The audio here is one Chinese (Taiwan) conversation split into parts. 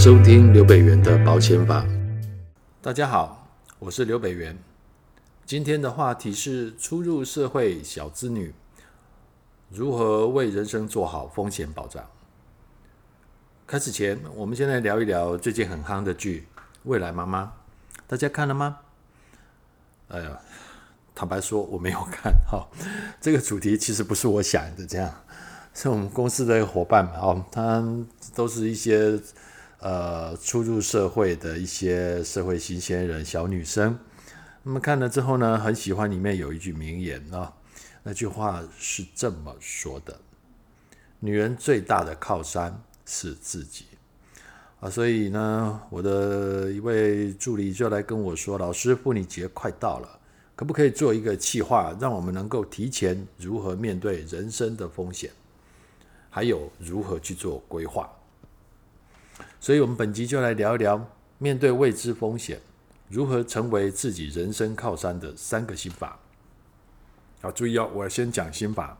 收聽劉北元的保險法。大家好，我是劉北元。今天的話題是初入社會小資女如何為人生做好風險保障。開始前，我們先來聊一聊最近很夯的劇《未來媽媽》，大家看了嗎？哎、呃、呀，坦白說我沒有看。哈、哦，這個主題其實不是我想的這樣，是我們公司的夥伴們哦，他都是一些。呃，初入社會的一些社會新鮮人小女生，那麼看了之後呢，很喜歡裡面有一句名言啊，那句話是這麼說的：女人最大的靠山是自己啊。所以呢，我的一位助理就來跟我說：“老師，婦女節快到了，可不可以做一個企劃，讓我們能夠提前如何面對人生的風險，還有如何去做規劃？”所以，我們本集就來聊一聊，面對未知風險，如何成為自己人生靠山的三個心法。好，注意哦，我要先講心法。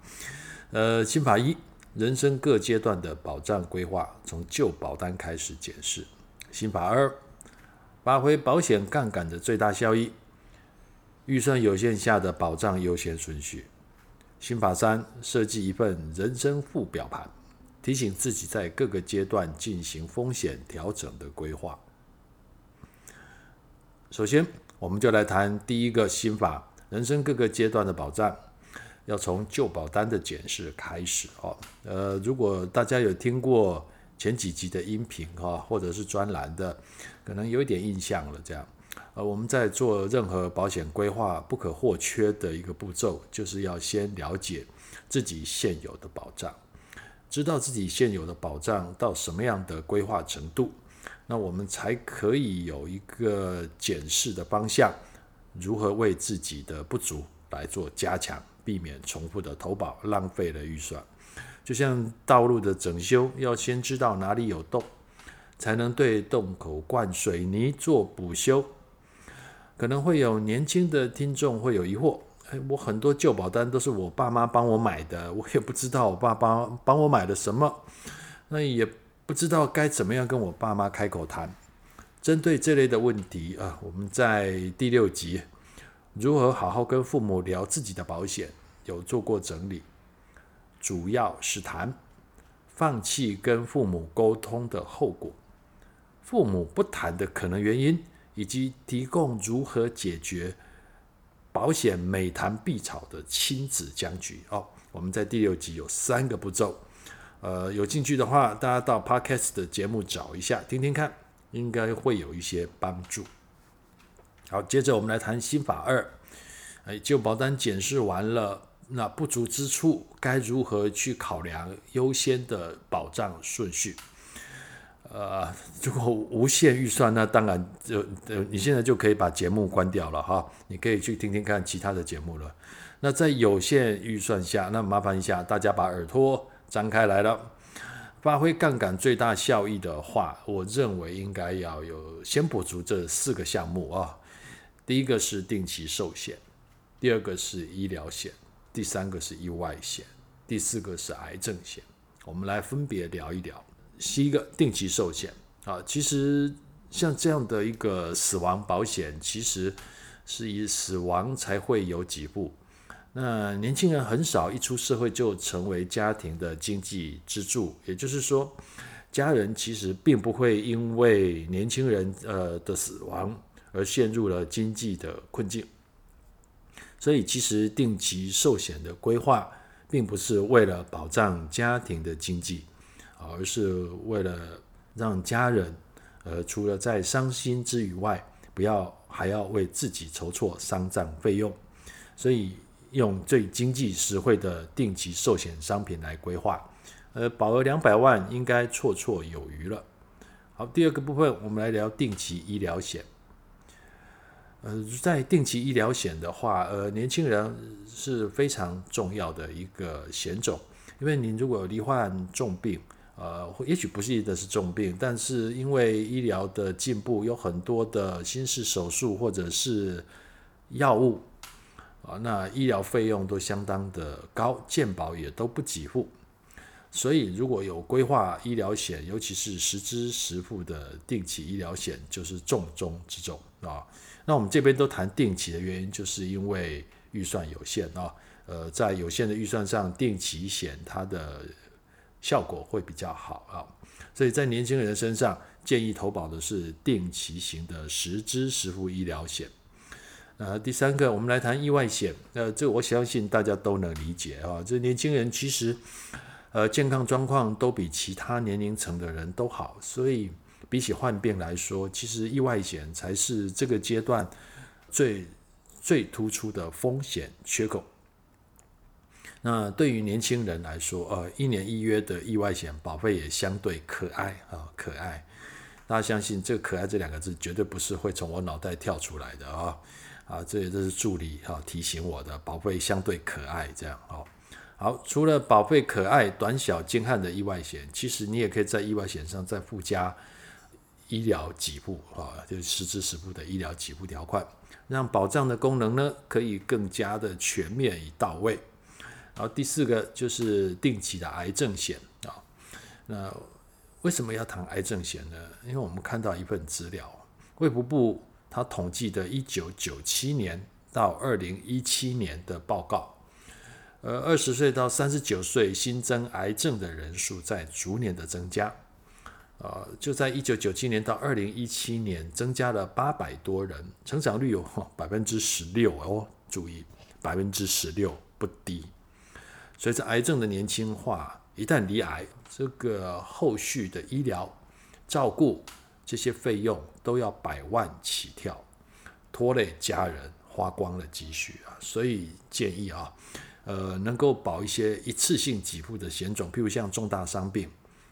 呃，心法一，人生各階段的保障規劃，從舊保單開始檢視。心法二，發揮保險槓桿的最大效益，預算有限下的保障優先順序。心法三，設計一份人生複盤表。提醒自己在各個階段進行風險調整的規劃。首先，我們就來談第一個心法：人生各個階段的保障，要從舊保單的檢視開始哦。呃，如果大家有聽過前幾集的音頻哈、哦，或者是專欄的，可能有一點印象了。這樣，呃，我們在做任何保險規劃不可或缺的一個步驟，就是要先了解自己現有的保障。知道自己現有的保障到什麼樣的規劃程度，那我們才可以有一個檢視的方向，如何為自己的不足來做加強，避免重複的投保浪費了預算。就像道路的整修，要先知道哪裡有洞，才能對洞口灌水泥做補修。可能會有年輕的聽眾會有疑惑。哎，我很多舊保單都是我爸媽幫我買的，我也不知道我爸爸幫我買了什麼，那也不知道該怎麼樣跟我爸媽開口談。針對這類的問題啊、呃，我們在第六集《如何好好跟父母聊自己的保險》有做過整理，主要是談放棄跟父母溝通的後果，父母不談的可能原因，以及提供如何解決。保險每談必吵的親子僵局哦，oh, 我們在第六集有三個步驟，呃，有興趣的話，大家到 Podcast 的節目找一下聽聽看，應該會有一些幫助。好，接着我們來談心法二，哎，舊保單檢視完了，那不足之處該如何去考量優先的保障順序？呃，如果無限預算，那當然就呃，呃，你現在就可以把節目關掉了哈、哦，你可以去聽聽看其他的節目了。那在有限預算下，那麻煩一下大家把耳朵張開來了。發揮槓桿最大效益的話，我認為應該要有先補足這四個項目啊、哦。第一個是定期壽險，第二個是醫療險，第三個是意外險，第四個是癌症險。我們來分別聊一聊。是一個定期壽險啊，其實像這樣的一個死亡保險，其實是以死亡才會有給付。那年輕人很少一出社會就成為家庭的經濟支柱，也就是說，家人其實並不會因為年輕人呃的死亡而陷入了經濟的困境。所以，其實定期壽險的規劃，並不是為了保障家庭的經濟。而是為了讓家人，呃，除了在傷心之餘外，不要還要為自己籌措喪葬費用，所以用最經濟實惠的定期壽險商品來規劃，呃，保額兩百萬應該綽綽有餘了。好，第二個部分我們來聊定期醫療險。呃，在定期醫療險的話，呃，年輕人是非常重要的一個險種，因為你如果罹患重病，呃，也許不是一定的是重病，但是因為醫療的進步，有很多的新式手術或者是藥物，啊，那醫療費用都相當的高，健保也都不給付，所以如果有規劃醫療險，尤其是實支實付的定期醫療險，就是重中之重啊。那我們這邊都談定期的原因，就是因為預算有限啊，呃，在有限的預算上，定期險它的，效果會比較好啊，所以在年輕人身上建議投保的是定期型的實支實付醫療險。呃，第三個，我們來談意外險。呃，這個我相信大家都能理解啊。這年輕人其實，呃，健康狀況都比其他年齡層的人都好，所以比起患病來說，其實意外險才是這個階段最最突出的風險缺口。那對於年輕人來說，呃，一年一約的意外險保費也相對可愛啊，可愛。大家相信這“可愛”這兩個字絕對不是會從我腦袋跳出來的啊！啊，這也都是助理哈提醒我的保費相對可愛，這樣哦。好，除了保費可愛、短小精悍的意外險，其實你也可以在意外險上再附加醫療給付啊，就是、實支實付的醫療給付條款，讓保障的功能呢可以更加的全面與到位。好，第四個就是定期的癌症險啊。那為什麼要談癌症險呢？因為我們看到一份資料，衛福部它統計的1997年到2017年的報告，呃，20歲到39歲新增癌症的人數在逐年的增加，呃，就在1997年到2017年增加了800多人，成長率有百分之十六哦。注意，百分之十六不低。隨着癌症的年輕化，一旦罹癌，這個後續的醫療照顧這些費用都要百萬起跳，拖累家人，花光了積蓄啊！所以建議啊，呃，能夠保一些一次性給付的險種，譬如像重大傷病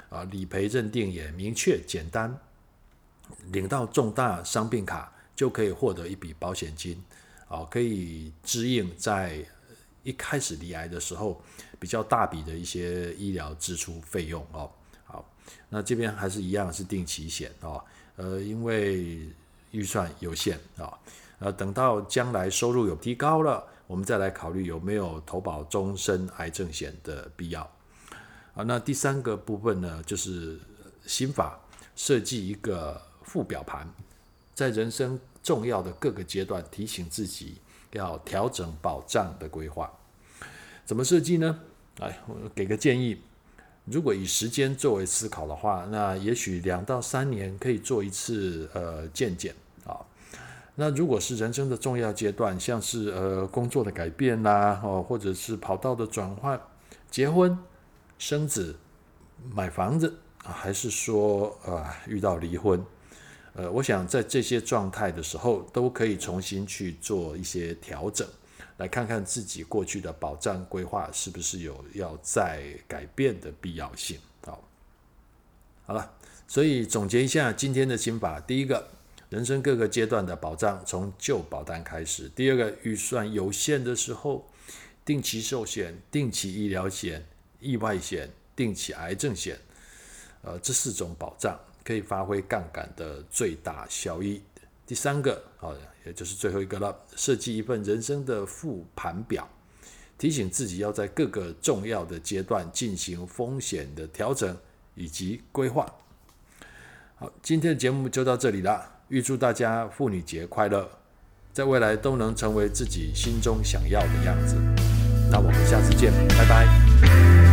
啊，理賠認定也明確簡單，領到重大傷病卡就可以獲得一筆保險金，啊，可以支應在。一開始罹癌的時候，比較大筆的一些醫療支出費用哦。好，那這邊還是一樣是定期險哦。呃，因為預算有限啊、哦。呃，等到將來收入有提高了，我們再來考慮有沒有投保終身癌症險的必要。啊，那第三個部分呢，就是心法，設計一個複盤表，在人生重要的各個階段提醒自己。要調整保障的規劃，怎麼設計呢？哎，我給個建議，如果以時間作為思考的話，那也許兩到三年可以做一次呃檢視啊。那如果是人生的重要階段，像是呃工作的改變啦，哦，或者是跑道的轉換、結婚、生子、買房子，還是說呃遇到離婚，呃，我想在這些狀態的時候，都可以重新去做一些調整，來看看自己過去的保障規劃是不是有要再改變的必要性。好，好了，所以總結一下今天的心法：第一個人生各個階段的保障，從舊保單開始；第二個，預算有限的時候，定期壽險、定期醫療險、意外險、定期癌症險，呃，這四種保障。可以發揮槓桿的最大效益。第三個，好，也就是最後一個了，設計一份人生的複盤表，提醒自己要在各個重要的階段進行風險的調整以及規劃。好，今天的節目就到這裡啦，預祝大家婦女節快樂，在未來都能成為自己心中想要的樣子。那我們下次見，拜拜。